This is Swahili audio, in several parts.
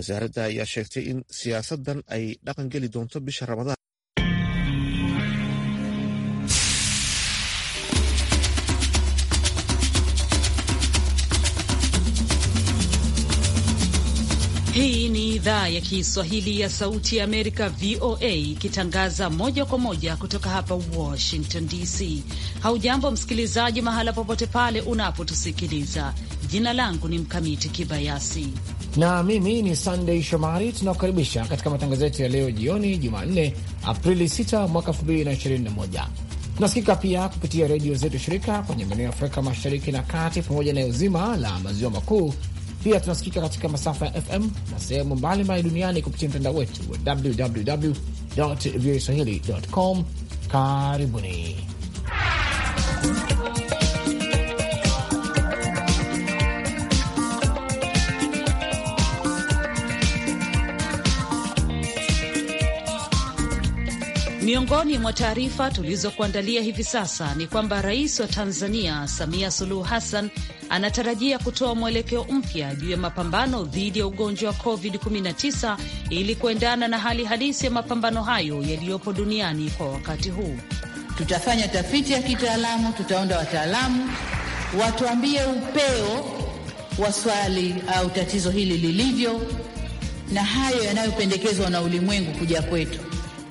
wasaaradda ayaa sheegtay in siyaasaddan ay dhaqan geli doonto bisha Ramadaan. idhaa ya Kiswahili ya Sauti ya Amerika, VOA, ikitangaza moja kwa moja kutoka hapa Washington DC. Haujambo msikilizaji, mahala popote pale unapotusikiliza. Jina langu ni Mkamiti Kibayasi na mimi ni Sandei Shomari. Tunakukaribisha katika matangazo yetu ya leo jioni, Jumanne Aprili 6 mwaka 2021. Tunasikika pia kupitia redio zetu shirika kwenye maeneo ya Afrika Mashariki na Kati, pamoja na eneo zima la Maziwa Makuu pia tunasikika katika masafa ya FM na sehemu mbalimbali duniani kupitia mtandao wetu wa www voa swahili com. Karibuni Miongoni mwa taarifa tulizokuandalia hivi sasa ni kwamba rais wa Tanzania Samia Suluhu Hassan anatarajia kutoa mwelekeo mpya juu ya mapambano dhidi ya ugonjwa wa COVID-19 ili kuendana na hali halisi ya mapambano hayo yaliyopo duniani kwa wakati huu. Tutafanya tafiti ya kitaalamu, tutaonda wataalamu watuambie upeo wa swali au tatizo hili lilivyo, na hayo yanayopendekezwa na ulimwengu kuja kwetu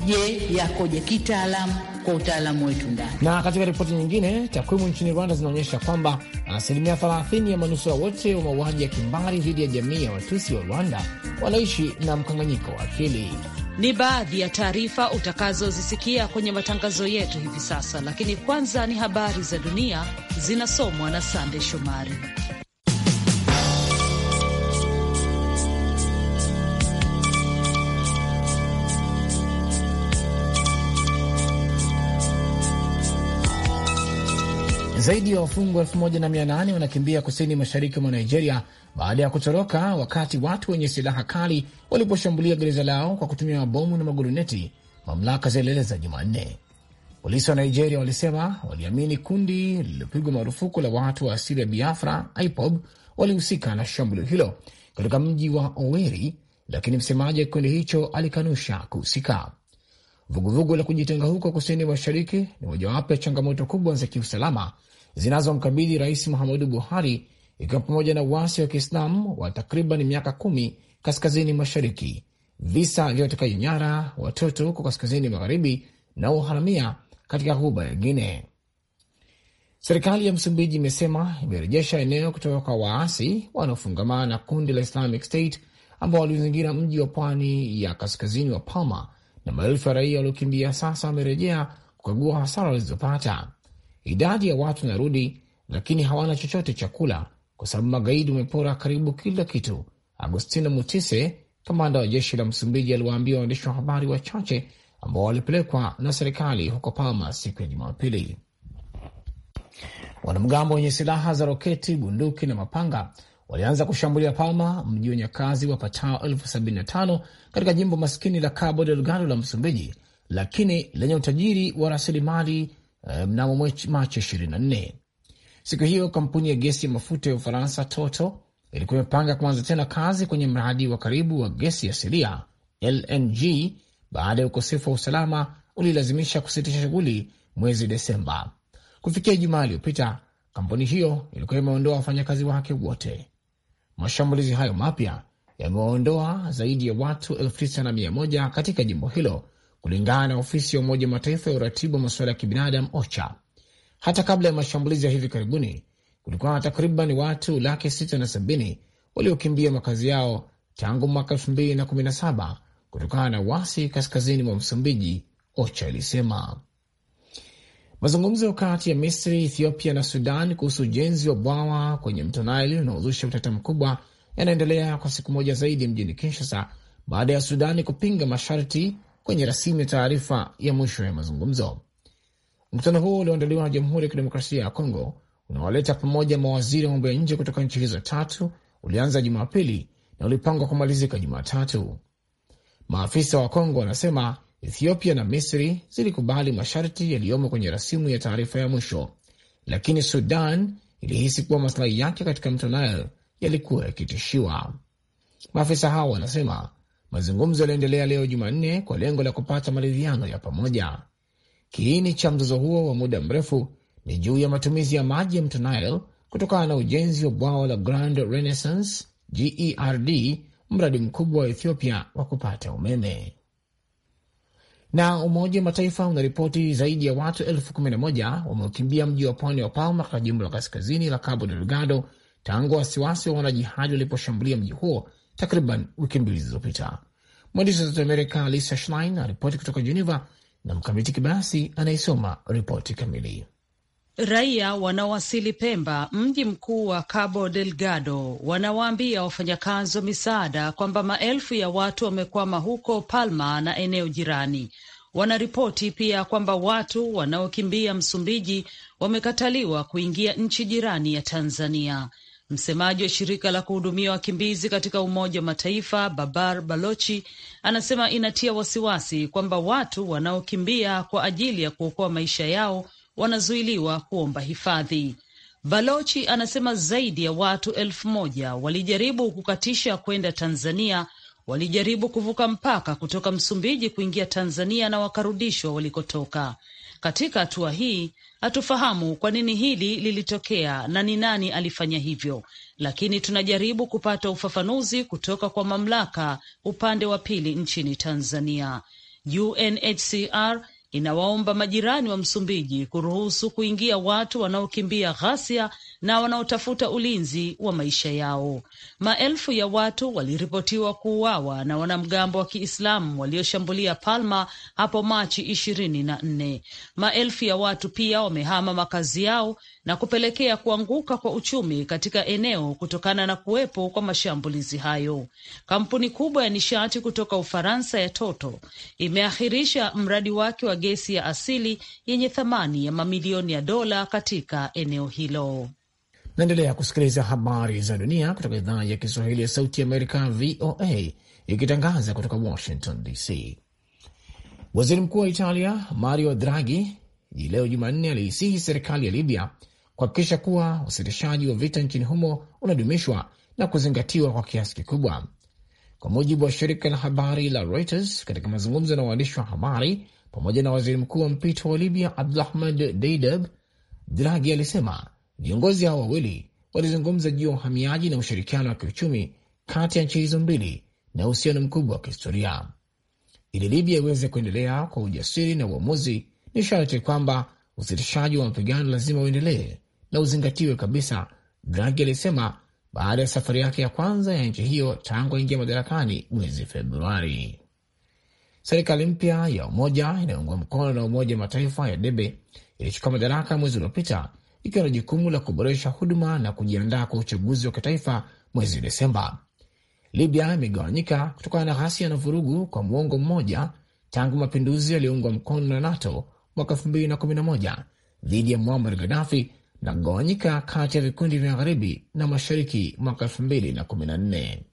je, yakoje kitaalamu kwa utaalamu wetu ndani. Na katika ripoti nyingine, takwimu nchini Rwanda zinaonyesha kwamba asilimia 30 ya manusura wote wa mauaji ya kimbari dhidi ya jamii ya Watusi wa Rwanda wanaishi na mkanganyiko wa akili. Ni baadhi ya taarifa utakazozisikia kwenye matangazo yetu hivi sasa, lakini kwanza ni habari za dunia zinasomwa na Sande Shomari. Zaidi ya wafungwa 1800 wanakimbia kusini mashariki mwa Nigeria baada ya kutoroka wakati watu wenye silaha kali waliposhambulia gereza lao kwa kutumia mabomu na maguruneti, mamlaka zilieleza Jumanne. Polisi wa Nigeria walisema waliamini kundi lililopigwa marufuku la watu wa asili ya Biafra, IPOB, walihusika na shambulio hilo katika mji wa Oweri, lakini msemaji wa kikundi hicho alikanusha kuhusika. Vuguvugu la kujitenga huko kusini mashariki ni mojawapo ya changamoto kubwa za kiusalama zinazomkabidhi Rais Muhammadu Buhari, ikiwa pamoja na uasi wa Kiislamu wa takriban miaka kumi kaskazini mashariki, visa vya utekaji nyara watoto huko kaskazini magharibi na uharamia katika ghuba ya Guinea. Serikali ya Msumbiji imesema imerejesha eneo kutoka kwa waasi wanaofungamana na kundi la Islamic State ambao walizingira mji wa pwani ya kaskazini wa Palma, na maelfu ya raia waliokimbia sasa wamerejea kukagua hasara walizopata idadi ya watu inarudi, lakini hawana chochote cha kula kwa sababu magaidi wamepora karibu kila kitu. Agostino Mutise, kamanda wa jeshi la Msumbiji, aliwaambia waandishi wa habari wachache ambao walipelekwa na serikali huko Palma siku ya Jumapili. Wanamgambo wenye silaha za roketi, bunduki na mapanga walianza kushambulia Palma, mji wenye kazi wapatao elfu sabini na tano katika jimbo maskini la Cabo Delgado la Msumbiji, lakini lenye utajiri wa rasilimali Eh, mnamo Machi 24. Siku hiyo kampuni ya gesi ya mafuta ya Ufaransa Total ilikuwa imepanga kuanza tena kazi kwenye mradi wa karibu wa gesi asilia LNG baada ya ukosefu wa usalama ulilazimisha kusitisha shughuli mwezi Desemba. Kufikia Ijumaa iliyopita, kampuni hiyo ilikuwa imeondoa wafanyakazi wake wote. Mashambulizi hayo mapya yamewaondoa zaidi ya watu elfu tisa na mia moja katika jimbo hilo kulingana na ofisi ya Umoja Mataifa ya uratibu wa masuala ya kibinadamu OCHA. Hata kabla ya mashambulizi ya hivi karibuni, kulikuwa na takriban watu laki sita na sabini waliokimbia makazi yao tangu mwaka elfu mbili na kumi na saba kutokana na wasi kaskazini mwa Msumbiji, OCHA ilisema. Mazungumzo kati ya Misri, Ethiopia na Sudan kuhusu ujenzi wa bwawa kwenye mto Nile unaozusha utata mkubwa yanaendelea kwa siku moja zaidi mjini Kinshasa baada ya Sudani kupinga masharti kwenye rasimu ya taarifa ya mwisho ya mazungumzo. Mkutano huo ulioandaliwa na Jamhuri ya Kidemokrasia ya Kongo unawaleta pamoja mawaziri wa mambo ya nje kutoka nchi hizo tatu ulianza Jumapili na ulipangwa kumalizika Jumatatu. Maafisa wa Kongo wanasema Ethiopia na Misri zilikubali masharti yaliyomo kwenye rasimu ya taarifa ya mwisho, lakini Sudan ilihisi kuwa maslahi yake katika mto Nile yalikuwa yakitishiwa. Maafisa hao wanasema Mazungumzo yaliendelea leo Jumanne kwa lengo la kupata maridhiano ya pamoja. Kiini cha mzozo huo wa muda mrefu ni juu ya matumizi ya maji ya mto Nile kutokana na ujenzi wa bwawa la Grand Renaissance GERD, mradi mkubwa wa Ethiopia wa kupata umeme. Na Umoja wa Mataifa unaripoti zaidi ya watu elfu kumi na moja wameukimbia mji wa pwani wa Palma katika jimbo la kaskazini la Cabo Delgado tangu wasiwasi wa wanajihadi waliposhambulia mji huo takriban wiki mbili zilizopita. Mwandishi wa Sauti Amerika Lisa Schlein aripoti kutoka Geneva na Mkamiti Kibayasi anayesoma ripoti kamili. Raia wanaowasili Pemba, mji mkuu wa Cabo Delgado, wanawaambia wafanyakazi wa misaada kwamba maelfu ya watu wamekwama huko Palma na eneo jirani. Wanaripoti pia kwamba watu wanaokimbia Msumbiji wamekataliwa kuingia nchi jirani ya Tanzania. Msemaji wa shirika la kuhudumia wakimbizi katika Umoja wa Mataifa Babar Balochi anasema inatia wasiwasi kwamba watu wanaokimbia kwa ajili ya kuokoa maisha yao wanazuiliwa kuomba hifadhi. Balochi anasema zaidi ya watu elfu moja walijaribu kukatisha kwenda Tanzania, walijaribu kuvuka mpaka kutoka Msumbiji kuingia Tanzania na wakarudishwa walikotoka. Katika hatua hii hatufahamu kwa nini hili lilitokea na ni nani alifanya hivyo, lakini tunajaribu kupata ufafanuzi kutoka kwa mamlaka upande wa pili nchini Tanzania. UNHCR inawaomba majirani wa Msumbiji kuruhusu kuingia watu wanaokimbia ghasia na wanaotafuta ulinzi wa maisha yao. Maelfu ya watu waliripotiwa kuuawa na wanamgambo wa Kiislamu walioshambulia Palma hapo Machi ishirini na nne. Maelfu ya watu pia wamehama makazi yao na kupelekea kuanguka kwa uchumi katika eneo kutokana na kuwepo kwa mashambulizi hayo. Kampuni kubwa ya nishati kutoka Ufaransa ya toto imeahirisha mradi wake wa gesi ya asili yenye thamani ya mamilioni ya dola katika eneo hilo. Naendelea kusikiliza habari za dunia kutoka idhaa ya Kiswahili ya Sauti Amerika, VOA, ikitangaza kutoka Washington DC. Waziri Mkuu wa Italia Mario Draghi hii leo Jumanne aliisihi serikali ya Libya kuhakikisha kuwa usitishaji wa vita nchini humo unadumishwa na kuzingatiwa kwa kiasi kikubwa. Kwa mujibu wa shirika la habari la Reuters, katika mazungumzo na waandishi wa habari pamoja na waziri mkuu wa mpito wa Libya Abdulahmad Deidab, Dragi alisema viongozi hao wawili walizungumza juu ya uhamiaji na ushirikiano wa kiuchumi kati ya nchi hizo mbili na uhusiano mkubwa wa kihistoria. Ili Libya iweze kuendelea kwa ujasiri na uamuzi, ni sharti kwamba usitishaji wa mapigano lazima uendelee na uzingatiwe kabisa, Dragi alisema baada ya safari yake ya kwanza ya nchi hiyo tangu aingia madarakani mwezi Februari. Serikali mpya ya umoja inayoungwa mkono na Umoja wa Mataifa ya debe ilichukua madaraka mwezi uliopita ikiwa na jukumu la kuboresha huduma na kujiandaa kwa uchaguzi wa kitaifa mwezi Desemba. Libya imegawanyika kutokana na ghasia na vurugu kwa muongo mmoja tangu mapinduzi yaliyoungwa mkono na NATO mwaka 2011 dhidi ya Muammar Gaddafi na kugawanyika kati ya vikundi vya magharibi na mashariki mwaka elfu mbili na kumi na nne.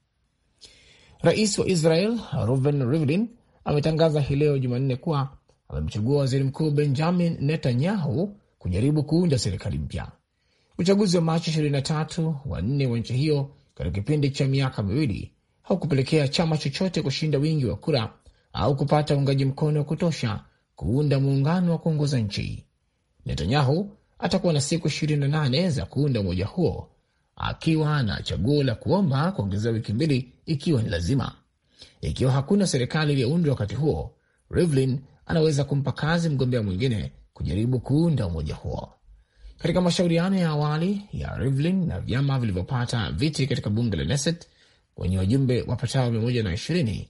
Rais wa Israel Reuven Rivlin ametangaza hii leo Jumanne kuwa amemchagua waziri mkuu Benjamin Netanyahu kujaribu kuunda serikali mpya. Uchaguzi wa Machi 23 wa nne wa nchi hiyo katika kipindi cha miaka miwili haukupelekea chama chochote kushinda wingi wa kura au kupata uungaji mkono wa kutosha kuunda muungano wa kuongoza nchi. Netanyahu atakuwa na siku 28 za kuunda umoja huo, akiwa na chaguo la kuomba kuongezewa wiki mbili ikiwa ni lazima. Ikiwa hakuna serikali iliyoundwa wakati huo, Rivlin anaweza kumpa kazi mgombea mwingine kujaribu kuunda umoja huo. Katika mashauriano ya awali ya Rivlin na vyama vilivyopata viti katika bunge la Knesset wenye wajumbe wapatao 120,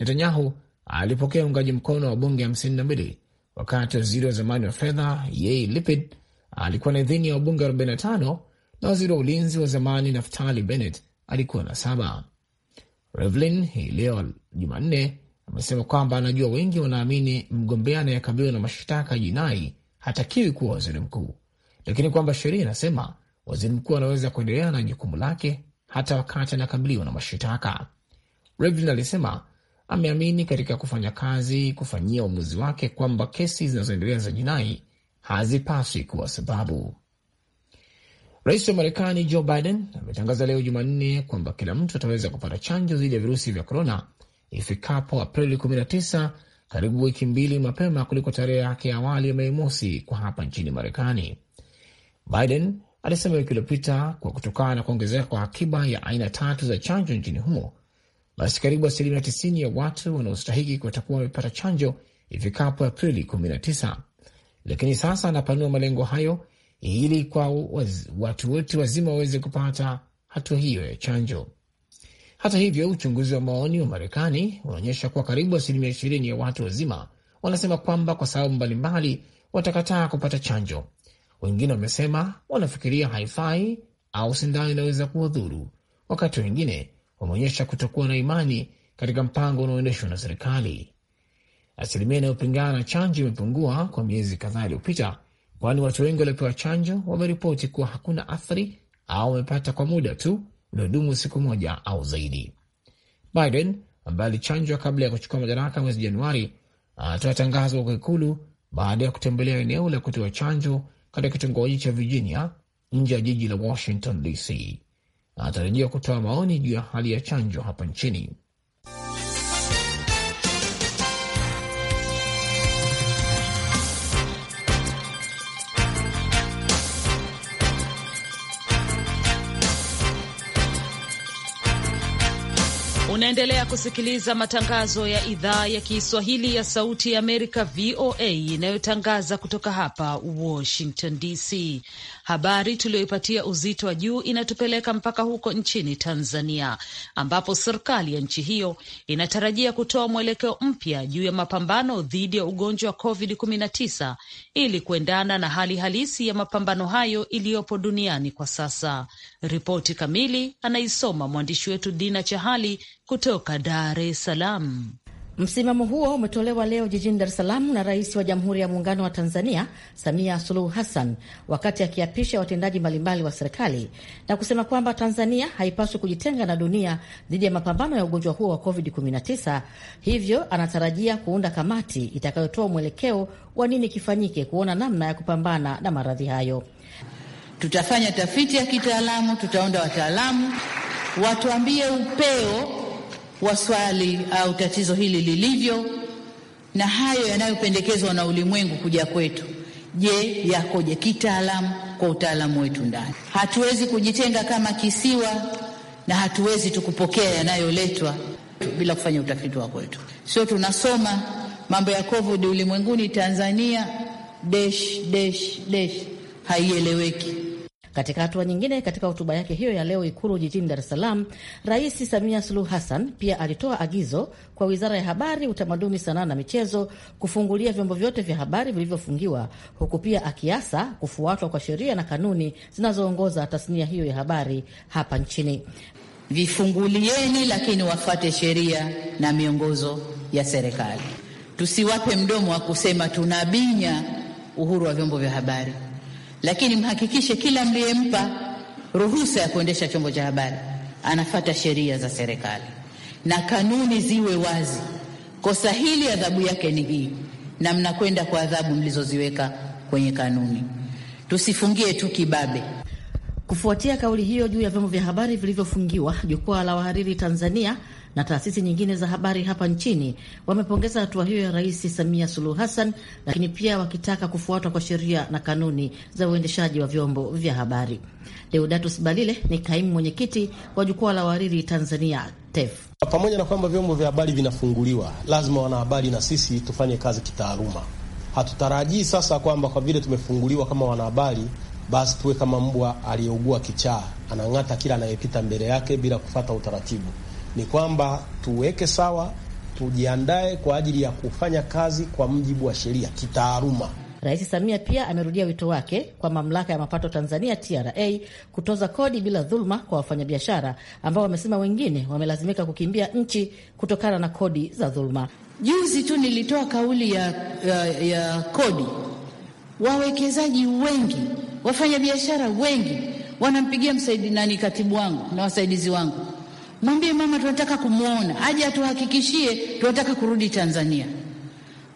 Netanyahu alipokea uungaji mkono wa bunge 52, wakati waziri wa zamani wa fedha Yair Lapid alikuwa na idhini ya wabunge 45 na waziri wa ulinzi wa zamani Naftali Bennett alikuwa na saba. Revlin hii leo Jumanne amesema kwamba anajua wengi wanaamini mgombea anayekabiliwa na mashtaka ya jinai hatakiwi kuwa waziri mkuu, lakini kwamba sheria inasema waziri mkuu anaweza kuendelea na jukumu lake hata wakati anakabiliwa na mashitaka. Revlin alisema ameamini katika kufanya kazi kufanyia uamuzi wake kwamba kesi zinazoendelea za jinai hazipaswi kuwa sababu. Rais wa Marekani Joe Biden ametangaza leo Jumanne kwamba kila mtu ataweza kupata chanjo dhidi ya virusi vya korona ifikapo Aprili 19 karibu wiki mbili mapema kuliko tarehe yake ya awali ya Mei mosi kwa hapa nchini Marekani. Biden alisema wiki iliyopita kwa kutokana na kuongezeka kwa akiba ya aina tatu za chanjo nchini humo, basi karibu asilimia 90 ya watu wanaostahiki watakuwa wamepata chanjo ifikapo Aprili lakini sasa anapanua malengo hayo ili kwa waz, watu wote wazima waweze kupata hatua hiyo ya chanjo. Hata hivyo, uchunguzi wa maoni wa Marekani unaonyesha kuwa karibu asilimia ishirini ya watu wazima wanasema kwamba kwa sababu mbalimbali watakataa kupata chanjo. Wengine wamesema wanafikiria haifai au sindano inaweza kuwadhuru, wakati wengine wameonyesha kutokuwa na imani katika mpango unaoendeshwa na serikali. Asilimia inayopingana na chanjo imepungua kwa miezi kadhaa iliyopita, kwani watu wengi waliopewa chanjo wameripoti kuwa hakuna athari au wamepata kwa muda tu uliodumu siku moja au zaidi. Biden ambaye alichanjwa kabla ya kuchukua madaraka mwezi Januari anatoa tangazo kwa Ikulu baada ya kutembelea eneo la kutoa chanjo katika kitongoji cha Virginia nje ya jiji la Washington DC. Anatarajiwa kutoa maoni juu ya hali ya chanjo hapa nchini. Unaendelea kusikiliza matangazo ya idhaa ya Kiswahili ya Sauti ya Amerika, VOA, inayotangaza kutoka hapa Washington DC. Habari tuliyoipatia uzito wa juu inatupeleka mpaka huko nchini Tanzania, ambapo serikali ya nchi hiyo inatarajia kutoa mwelekeo mpya juu ya mapambano dhidi ya ugonjwa wa COVID-19 ili kuendana na hali halisi ya mapambano hayo iliyopo duniani kwa sasa. Ripoti kamili anaisoma mwandishi wetu Dina Chahali kutoka Dar es Salaam. Msimamo huo umetolewa leo jijini Dar es Salaam na Rais wa Jamhuri ya Muungano wa Tanzania Samia Suluhu Hassan wakati akiapisha watendaji mbalimbali wa serikali na kusema kwamba Tanzania haipaswi kujitenga na dunia dhidi ya mapambano ya ugonjwa huo wa COVID-19. Hivyo anatarajia kuunda kamati itakayotoa mwelekeo wa nini kifanyike kuona namna ya kupambana na maradhi hayo. Tutafanya tafiti ya kitaalamu, tutaunda wataalamu watuambie upeo wa swali au tatizo hili lilivyo na hayo yanayopendekezwa na ulimwengu kuja kwetu. Je, yakoje kitaalamu kwa utaalamu wetu ndani? Hatuwezi kujitenga kama kisiwa na hatuwezi tukupokea yanayoletwa bila kufanya utafiti wa kwetu. Sio tunasoma mambo ya COVID ulimwenguni, Tanzania dash dash dash haieleweki. Katika hatua nyingine, katika hotuba yake hiyo ya leo Ikulu jijini Dar es Salaam, Rais Samia Suluhu Hassan pia alitoa agizo kwa Wizara ya Habari, Utamaduni, Sanaa na Michezo kufungulia vyombo vyote vya habari vilivyofungiwa, huku pia akiasa kufuatwa kwa sheria na kanuni zinazoongoza tasnia hiyo ya habari hapa nchini. Vifungulieni, lakini wafuate sheria na miongozo ya serikali. Tusiwape mdomo wa kusema tunabinya uhuru wa vyombo vya habari lakini mhakikishe kila mliyempa ruhusa ya kuendesha chombo cha habari anafata sheria za serikali na kanuni ziwe wazi. Kosa hili adhabu yake ni hii, na mnakwenda kwa adhabu mlizoziweka kwenye kanuni. Tusifungie tu kibabe. Kufuatia kauli hiyo juu ya vyombo vya habari vilivyofungiwa, jukwaa la wahariri Tanzania na taasisi nyingine za habari hapa nchini wamepongeza hatua hiyo ya Rais Samia Suluhu Hassan, lakini pia wakitaka kufuatwa kwa sheria na kanuni za uendeshaji wa vyombo vya habari. Deodatus Balile ni kaimu mwenyekiti wa Jukwaa la Wahariri Tanzania, TEF. Pamoja na kwamba vyombo vya habari vinafunguliwa, lazima wanahabari na sisi tufanye kazi kitaaluma. Hatutarajii sasa kwamba kwa vile tumefunguliwa kama wanahabari basi tuwe kama mbwa aliyeugua kichaa, anang'ata kila anayepita mbele yake bila kufata utaratibu ni kwamba tuweke sawa, tujiandae kwa ajili ya kufanya kazi kwa mjibu wa sheria kitaaluma. Rais Samia pia amerudia wito wake kwa mamlaka ya mapato Tanzania TRA kutoza kodi bila dhuluma kwa wafanyabiashara ambao wamesema wengine wamelazimika kukimbia nchi kutokana na kodi za dhuluma. Juzi tu nilitoa kauli ya, ya, ya kodi. Wawekezaji wengi, wafanyabiashara wengi wanampigia msaidi nani, katibu wangu na wasaidizi wangu mwambie mama, tunataka kumwona aje atuhakikishie, tunataka kurudi Tanzania.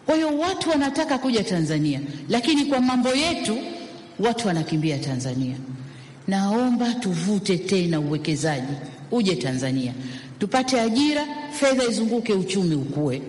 Kwa hiyo watu wanataka kuja Tanzania, lakini kwa mambo yetu watu wanakimbia Tanzania. Naomba tuvute tena uwekezaji uje Tanzania, tupate ajira, fedha izunguke, uchumi ukue.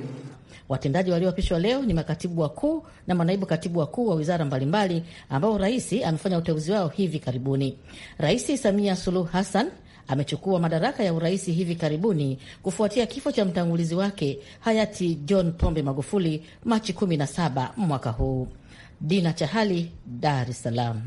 Watendaji walioapishwa leo ni makatibu wakuu na manaibu katibu wakuu wa wizara mbalimbali ambao rais amefanya uteuzi wao hivi karibuni. Rais Samia Suluhu Hassan amechukua madaraka ya urais hivi karibuni kufuatia kifo cha mtangulizi wake hayati John Pombe Magufuli Machi 17 mwaka huu. Dina Chahali, Dar es Salaam.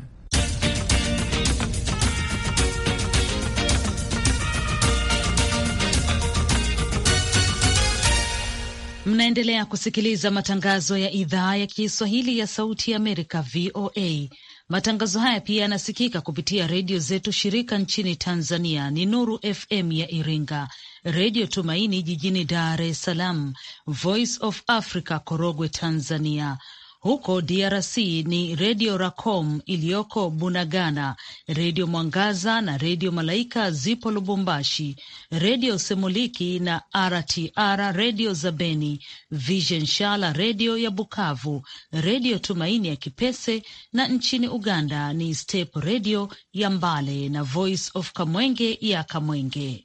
Mnaendelea kusikiliza matangazo ya idhaa ya Kiswahili ya Sauti ya Amerika, VOA Matangazo haya pia yanasikika kupitia redio zetu shirika nchini Tanzania ni Nuru FM ya Iringa, Redio Tumaini jijini Dar es Salaam, Voice of Africa Korogwe Tanzania, huko DRC ni Redio Racom iliyoko Bunagana, Redio Mwangaza na Redio Malaika zipo Lubumbashi, Redio Semuliki na RTR Redio za Beni, Vision Shala Redio ya Bukavu, Redio Tumaini ya Kipese na nchini Uganda ni Step Redio ya Mbale na Voice of Kamwenge ya Kamwenge.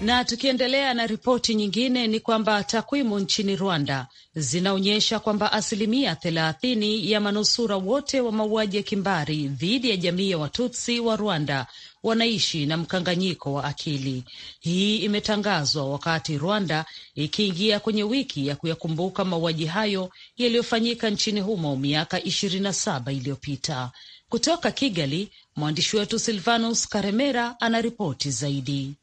Na tukiendelea na ripoti nyingine ni kwamba takwimu nchini Rwanda zinaonyesha kwamba asilimia thelathini ya manusura wote wa mauaji ya kimbari dhidi ya jamii ya Watutsi wa Rwanda wanaishi na mkanganyiko wa akili. Hii imetangazwa wakati Rwanda ikiingia kwenye wiki ya kuyakumbuka mauaji hayo yaliyofanyika nchini humo miaka ishirini na saba iliyopita. Kutoka Kigali, mwandishi wetu Silvanus Karemera anaripoti zaidi.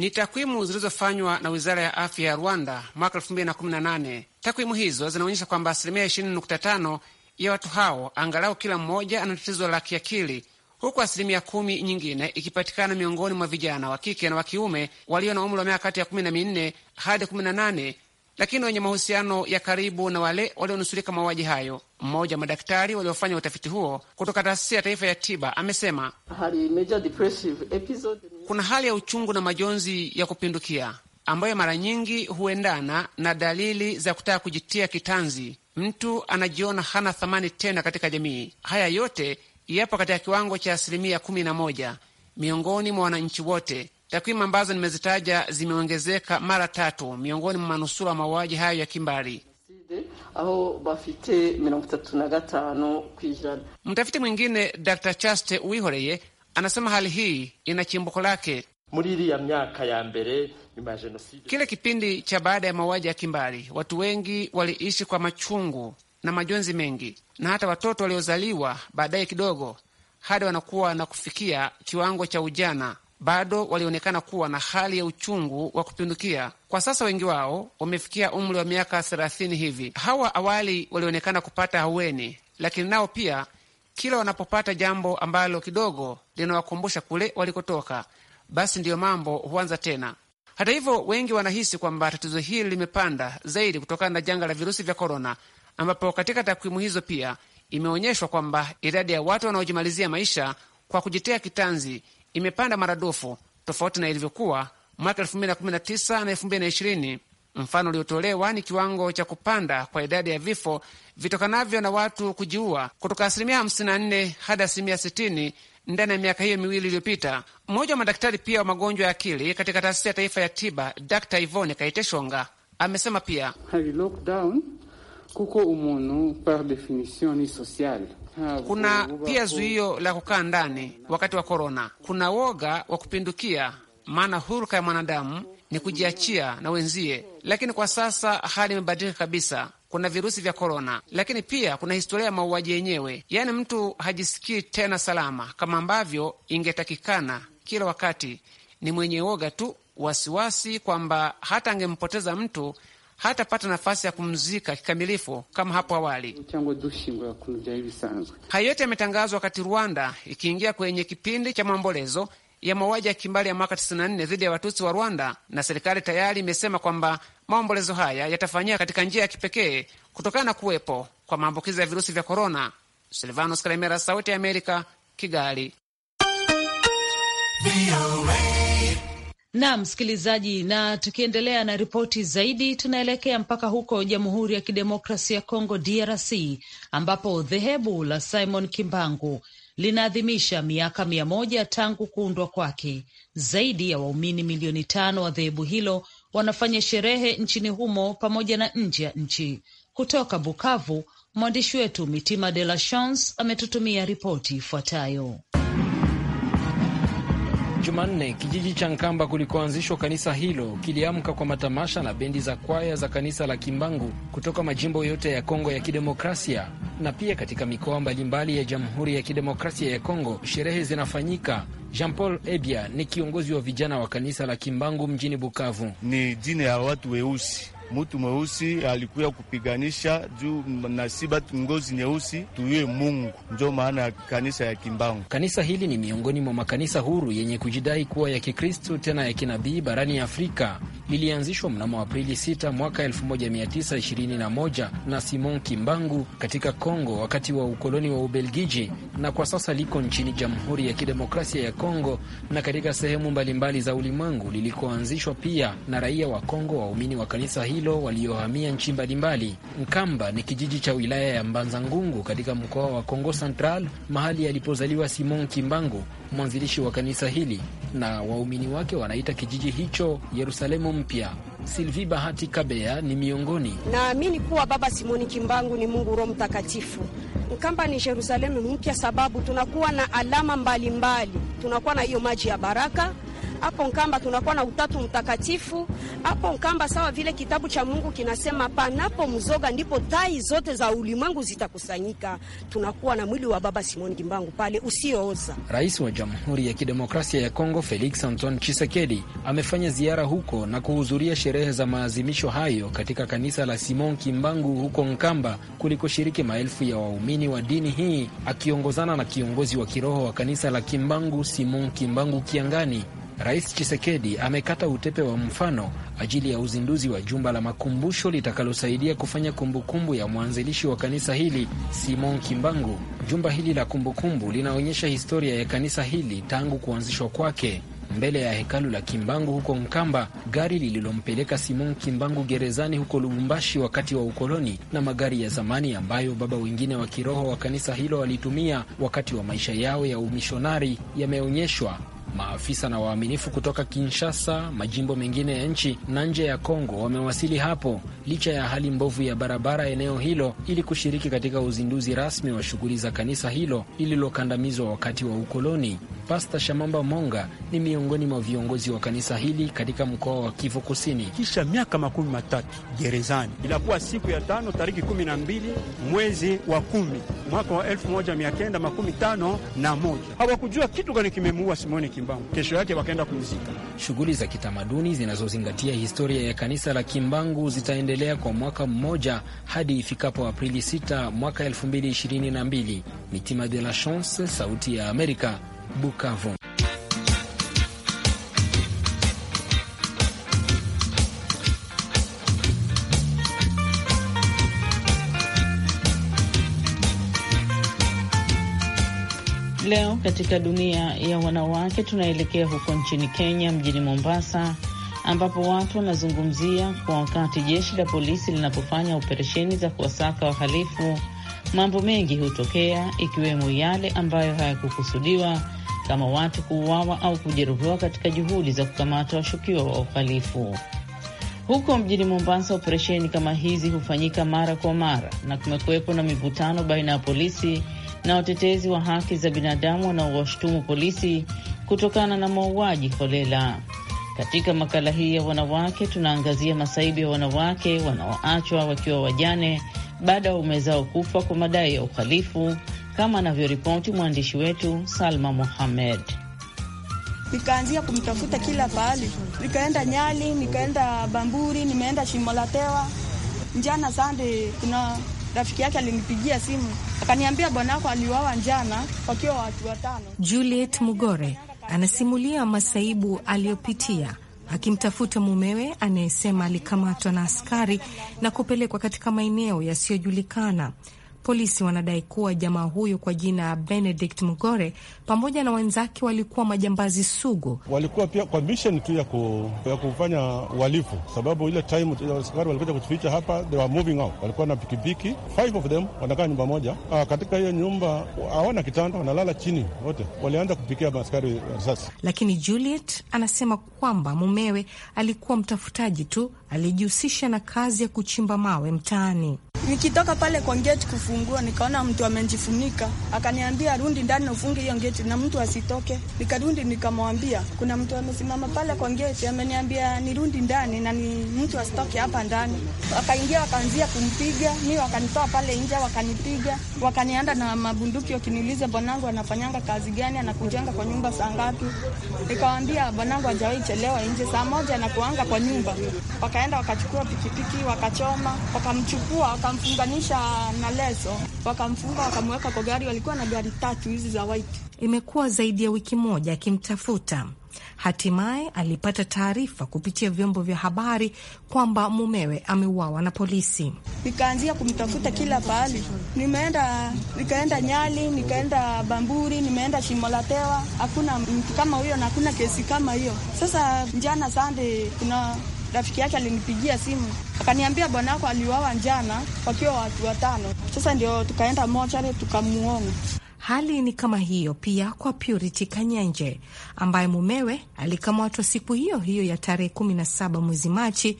Ni takwimu zilizofanywa na wizara ya afya ya Rwanda mwaka 2018. Takwimu hizo zinaonyesha kwamba asilimia 20.5 ya watu hao angalau kila mmoja ana tatizo la kiakili, huku asilimia kumi nyingine ikipatikana miongoni mwa vijana wa kike na wa kiume walio na umri wa miaka kati ya 14 hadi 18, lakini wenye mahusiano ya karibu na wale walionusurika mauaji hayo. Mmoja wa madaktari waliofanya utafiti huo kutoka taasisi ya taifa ya tiba amesema kuna hali ya uchungu na majonzi ya kupindukia ambayo mara nyingi huendana na dalili za kutaka kujitia kitanzi. Mtu anajiona hana thamani tena katika jamii. Haya yote yapo katika kiwango cha asilimia kumi na moja miongoni mwa wananchi wote. Takwimu ambazo nimezitaja zimeongezeka mara tatu miongoni mwa manusura wa mauaji hayo ya kimbari aho bafite mirongo itatu na ku ijana. Mtafiti mwingine Dr Chaste Uihoreye anasema hali hii ina chimbuko lake muri ya myaka ya mbere nyuma ya jenoside, kile kipindi cha baada ya mauaji ya kimbari, watu wengi waliishi kwa machungu na majonzi mengi, na hata watoto waliozaliwa baadaye kidogo hadi wanakuwa na kufikia kiwango cha ujana bado walionekana kuwa na hali ya uchungu wa kupindukia. Kwa sasa wengi wao wamefikia umri wa miaka thelathini hivi. Hawa awali walionekana kupata ahueni, lakini nao pia kila wanapopata jambo ambalo kidogo linawakumbusha kule walikotoka, basi ndiyo mambo huanza tena. Hata hivyo, wengi wanahisi kwamba tatizo hili limepanda zaidi kutokana na janga la virusi vya korona, ambapo katika takwimu hizo pia imeonyeshwa kwamba idadi ya watu wanaojimalizia maisha kwa kujitea kitanzi imepanda maradufu tofauti na ilivyokuwa mwaka 2019 na 2020. Mfano uliotolewa ni kiwango cha kupanda kwa idadi ya vifo vitokanavyo na watu kujiua kutoka asilimia 54 hadi asilimia 60 ndani ya miaka hiyo miwili iliyopita. Mmoja wa madaktari pia wa magonjwa ya akili katika taasisi ya taifa ya tiba, Dr Ivone Kaiteshonga amesema pia kuko umuntu par definition ni kuna pia zuio la kukaa ndani wakati wa korona. Kuna woga wa kupindukia, maana huruka ya mwanadamu ni kujiachia na wenzie, lakini kwa sasa hali imebadilika kabisa. Kuna virusi vya korona, lakini pia kuna historia ya mauaji yenyewe, yaani mtu hajisikii tena salama kama ambavyo ingetakikana. Kila wakati ni mwenye woga tu, wasiwasi kwamba hata angempoteza mtu hatapata nafasi ya kumzika kikamilifu kama hapo awali. Hayo yote yametangazwa wakati Rwanda ikiingia kwenye kipindi cha maombolezo ya mauaji ya kimbali ya mwaka 94 dhidi ya Watutsi wa Rwanda, na serikali tayari imesema kwamba maombolezo haya yatafanyika katika njia ya kipekee kutokana na kuwepo kwa maambukizi ya virusi vya korona. Silvanos Kalemera, Sauti ya Amerika, Kigali. Naam msikilizaji, na tukiendelea na ripoti zaidi, tunaelekea mpaka huko Jamhuri ya Kidemokrasia ya Kongo, DRC, ambapo dhehebu la Simon Kimbangu linaadhimisha miaka mia moja tangu kuundwa kwake. Zaidi ya waumini milioni tano wa dhehebu hilo wanafanya sherehe nchini humo pamoja na nje ya nchi. Kutoka Bukavu, mwandishi wetu Mitima De La Chance ametutumia ripoti ifuatayo. Jumanne kijiji cha Nkamba kulikoanzishwa kanisa hilo kiliamka kwa matamasha na bendi za kwaya za kanisa la Kimbangu kutoka majimbo yote ya Kongo ya Kidemokrasia na pia katika mikoa mbalimbali ya Jamhuri ya Kidemokrasia ya Kongo sherehe zinafanyika. Jean Paul Ebia ni kiongozi wa vijana wa kanisa la Kimbangu mjini Bukavu. Ni dini ya watu weusi mutu mweusi alikuya kupiganisha juu nasiba ngozi nyeusi tuwe Mungu, njo maana ya kanisa ya Kimbangu. Kanisa hili ni miongoni mwa makanisa huru yenye kujidai kuwa ya Kikristo tena ya kinabii barani Afrika. Lilianzishwa mnamo Aprili 6 mwaka 1921 na Simon Kimbangu katika Kongo wakati wa ukoloni wa Ubelgiji, na kwa sasa liko nchini Jamhuri ya Kidemokrasia ya Kongo na katika sehemu mbalimbali mbali za ulimwengu, lilikoanzishwa pia na raia wa Kongo, waumini wa kanisa hili hilo waliohamia nchi mbalimbali. Nkamba ni kijiji cha wilaya ya Mbanza-Ngungu katika mkoa wa Kongo Central, mahali alipozaliwa Simon Kimbangu, mwanzilishi wa kanisa hili, na waumini wake wanaita kijiji hicho Yerusalemu Mpya. Sylvie Bahati Kabea ni miongoni. Naamini kuwa Baba Simoni Kimbangu ni Mungu Roho Mtakatifu. Nkamba ni Yerusalemu Mpya sababu tunakuwa na alama mbalimbali mbali. Tunakuwa na hiyo maji ya baraka hapo Nkamba tunakuwa na utatu mtakatifu hapo Nkamba, sawa vile kitabu cha Mungu kinasema, panapo mzoga ndipo tai zote za ulimwengu zitakusanyika. Tunakuwa na mwili wa Baba Simon Kimbangu pale usiooza. Rais wa Jamhuri ya Kidemokrasia ya Kongo Felix Anton Chisekedi amefanya ziara huko na kuhudhuria sherehe za maazimisho hayo katika kanisa la Simon Kimbangu huko Nkamba kulikoshiriki maelfu ya waumini wa dini hii, akiongozana na kiongozi wa kiroho wa kanisa la Kimbangu Simon Kimbangu Kiangani Rais Chisekedi amekata utepe wa mfano ajili ya uzinduzi wa jumba la makumbusho litakalosaidia kufanya kumbukumbu ya mwanzilishi wa kanisa hili Simon Kimbangu. Jumba hili la kumbukumbu linaonyesha historia ya kanisa hili tangu kuanzishwa kwake. Mbele ya hekalu la Kimbangu huko Nkamba, gari lililompeleka Simon Kimbangu gerezani huko Lubumbashi wakati wa ukoloni na magari ya zamani ambayo baba wengine wa kiroho wa kanisa hilo walitumia wakati wa maisha yao ya umishonari yameonyeshwa Maafisa na waaminifu kutoka Kinshasa, majimbo mengine ya nchi na nje ya Kongo wamewasili hapo licha ya hali mbovu ya barabara eneo hilo, ili kushiriki katika uzinduzi rasmi wa shughuli za kanisa hilo lililokandamizwa wakati wa ukoloni. Pasta Shamamba Monga ni miongoni mwa viongozi wa kanisa hili katika mkoa wa Kivu Kusini. Kisha miaka makumi matatu gerezani, ilakuwa siku ya tano tariki kumi na mbili mwezi wa kumi mwaka wa elfu moja mia kenda makumi tano na moja. Hawakujua kitu gani kimemuua Simoni Kimbangu. Kesho yake wakaenda kumzika. Shughuli za kitamaduni zinazozingatia historia ya kanisa la Kimbangu zitaendelea kwa mwaka mmoja hadi ifikapo Aprili 6 mwaka 2022. Mitima de la Chance, Sauti ya Amerika, Bukavu. Leo katika dunia ya wanawake tunaelekea huko nchini Kenya, mjini Mombasa, ambapo watu wanazungumzia kwa wakati jeshi la polisi linapofanya operesheni za kuwasaka wahalifu, mambo mengi hutokea, ikiwemo yale ambayo hayakukusudiwa kama watu kuuawa au kujeruhiwa katika juhudi za kukamata washukiwa wa uhalifu. Huko mjini Mombasa, operesheni kama hizi hufanyika mara kwa mara na kumekuwepo na mivutano baina ya polisi na watetezi wa haki za binadamu wanaowashutumu polisi kutokana na mauaji holela. Katika makala hii ya wanawake, tunaangazia masaibu ya wanawake wanaoachwa wakiwa wajane baada ya umezao zao kufa kwa madai ya uhalifu kama anavyoripoti mwandishi wetu Salma Mohamed. Nikaanzia kumtafuta kila pahali, nikaenda Nyali, nikaenda Bamburi, nimeenda Shimo la Tewa. Njana Sande, kuna rafiki yake alinipigia simu akaniambia bwanako aliuawa njana wakiwa watu watano. Juliet Mugore anasimulia masaibu aliyopitia akimtafuta mumewe anayesema alikamatwa na askari na kupelekwa katika maeneo yasiyojulikana Polisi wanadai kuwa jamaa huyo kwa jina ya Benedict Mugore pamoja na wenzake walikuwa majambazi sugu. Walikuwa pia kwa mission tu ya, ku, ya kufanya uhalifu, sababu ile time askari walikuja kujificha hapa, they were moving out. Walikuwa na pikipiki five of them, wanakaa nyumba moja. Aa, ah, katika hiyo nyumba hawana kitanda, wanalala chini wote. Walianza kupikia maaskari risasi, lakini Juliet anasema kwamba mumewe alikuwa mtafutaji tu, alijihusisha na kazi ya kuchimba mawe mtaani. Nikitoka pale kwa gate kufu kufungua, nikaona mtu amenjifunika, akaniambia rundi ndani na ufunge hiyo geti na mtu asitoke. Nikarundi nikamwambia kuna mtu amesimama pale kwa geti, ameniambia ni nirundi ndani na ni mtu asitoke hapa ndani. Wakaingia wakaanzia kumpiga mi, wakanitoa pale nje, wakanipiga wakanianda na mabunduki, wakiniuliza bwanangu anafanyanga kazi gani, anakujanga kwa nyumba saa ngapi? Nikawambia bwanangu hajawahi chelewa nje, saa moja anakuanga kwa nyumba. Wakaenda wakachukua pikipiki, wakachoma, wakamchukua, wakamfunganisha na les so wakamfunga wakamweka kwa gari. Walikuwa na gari tatu hizi za white. Imekuwa zaidi ya wiki moja akimtafuta. Hatimaye alipata taarifa kupitia vyombo vya habari kwamba mumewe ameuawa na polisi. Nikaanzia kumtafuta kila pahali, nimeenda nikaenda Nyali, nikaenda Bamburi, nimeenda Shimolatewa, hakuna mtu kama huyo na hakuna kesi kama hiyo. Sasa jana Sande kuna rafiki yake alinipigia simu akaniambia bwana wako aliuawa njana wakiwa watu watano. Sasa ndio tukaenda mochare tukamuona. Hali ni kama hiyo pia kwa Purity Kanyenje ambaye mumewe alikamatwa siku hiyo hiyo ya tarehe 17 mwezi Machi.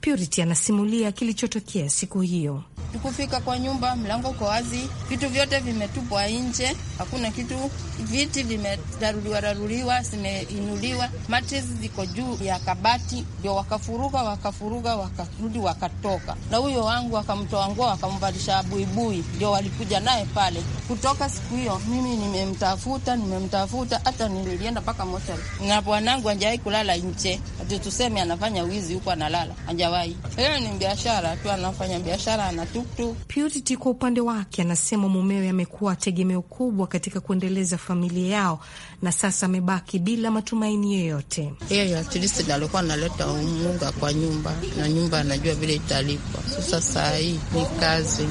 Purity anasimulia kilichotokea siku hiyo. Tukufika kwa nyumba, mlango uko wazi, vitu vyote vimetupwa nje, hakuna kitu. Viti vimeraruliwa raruliwa, zimeinuliwa, mattress ziko juu ya kabati, ndio wakafuruga wakafuruga, wakarudi wakatoka, na huyo wangu akamtoa nguo akamvalisha buibui, ndio walikuja naye pale kutoka siku hiyo mimi nimemtafuta, nimemtafuta hata nilienda mpaka motel. na bwanangu hajawahi kulala nje, ati tuseme anafanya wizi huko analala, hajawahi. Hiyo ni biashara tu, anafanya biashara, ana tuktu. Purity kwa upande wake anasema mumewe amekuwa tegemeo kubwa katika kuendeleza familia yao, na sasa amebaki bila matumaini yoyote. Yeye at least alikuwa analeta munga kwa nyumba na nyumba anajua vile italipwa. Sasa saa hii ni kazi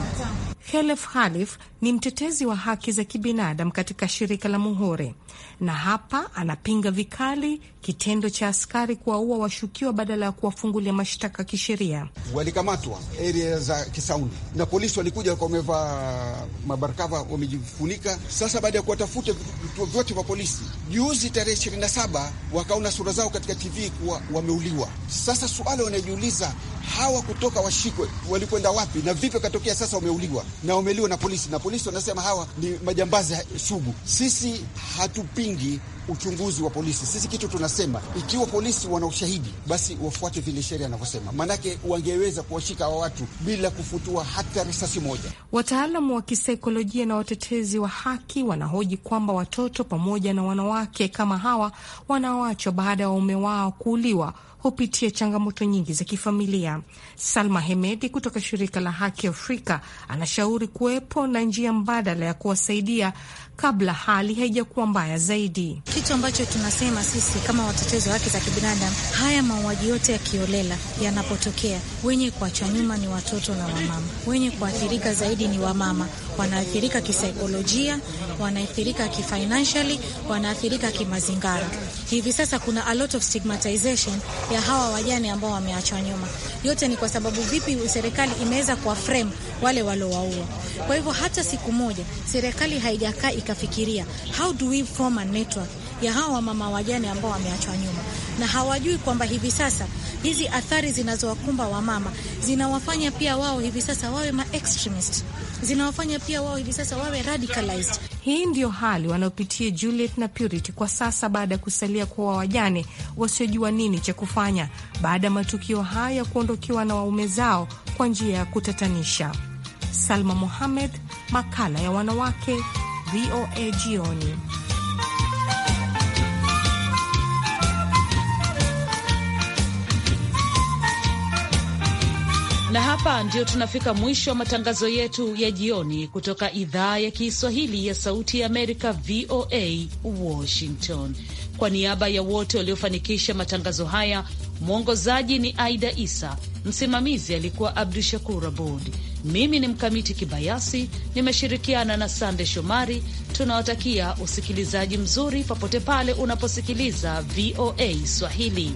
helef halif ni mtetezi wa haki za kibinadamu katika shirika la Muhuri na hapa anapinga vikali kitendo cha askari kuwaua washukiwa badala ya kuwafungulia mashtaka kisheria. Walikamatwa area za Kisauni na polisi walikuja kwa wamevaa mabarakava wamejifunika. Sasa baada ya kuwatafuta vituo vyote vya polisi, juzi tarehe ishirini na saba wakaona sura zao katika TV kuwa wameuliwa. Sasa suala wanajiuliza hawa kutoka washikwe walikwenda wapi na vipi wakatokea sasa wameuliwa na wameuliwa na polisi, na polisi wanasema hawa ni majambazi sugu. Sisi hatupi msingi uchunguzi wa polisi. Sisi kitu tunasema, ikiwa polisi wana ushahidi, basi wafuate vile sheria anavyosema, maanake wangeweza kuwashika hawa watu bila kufutua hata risasi moja. Wataalamu wa kisaikolojia na watetezi wa haki wanahoji kwamba watoto pamoja na wanawake kama hawa wanaoachwa baada ya waume wao kuuliwa hupitia changamoto nyingi za kifamilia. Salma Hemedi kutoka shirika la Haki Afrika anashauri kuwepo na njia mbadala ya kuwasaidia kabla hali haijakuwa mbaya zaidi. Kitu ambacho tunasema sisi kama watetezi wa haki za kibinadamu, haya mauaji yote ya kiolela yanapotokea, wenye kuachwa nyuma ni watoto na wamama. Wenye kuathirika zaidi ni wamama, wanaathirika kisaikolojia, wanaathirika kifinancially, wanaathirika kimazingara. Hivi sasa kuna a lot of stigmatization ya hawa wajane ambao wameachwa nyuma. Yote ni kwa sababu vipi serikali imeweza kuwaframe wale waliowaua. Kwa hivyo hata siku moja serikali haijakaa nikafikiria how do we form a network ya hawa wamama wajane ambao wameachwa nyuma na hawajui kwamba hivi sasa hizi athari zinazowakumba wamama zinawafanya pia wao hivi sasa wawe ma extremist, zinawafanya pia wao hivi sasa wawe radicalized. Hii ndio hali wanaopitia Juliet na Purity kwa sasa, baada ya kusalia kuwa wajane wasiojua nini cha kufanya baada ya matukio haya ya kuondokiwa na waume zao kwa njia ya kutatanisha. Salma Mohamed, makala ya wanawake VOA Jioni. Na hapa ndio tunafika mwisho wa matangazo yetu ya jioni kutoka idhaa ya Kiswahili ya Sauti ya Amerika, VOA Washington. Kwa niaba ya wote waliofanikisha matangazo haya, mwongozaji ni Aida Isa, msimamizi alikuwa Abdu Shakur Abud. Mimi ni Mkamiti Kibayasi, nimeshirikiana na Sande Shomari. Tunawatakia usikilizaji mzuri popote pale unaposikiliza VOA Swahili.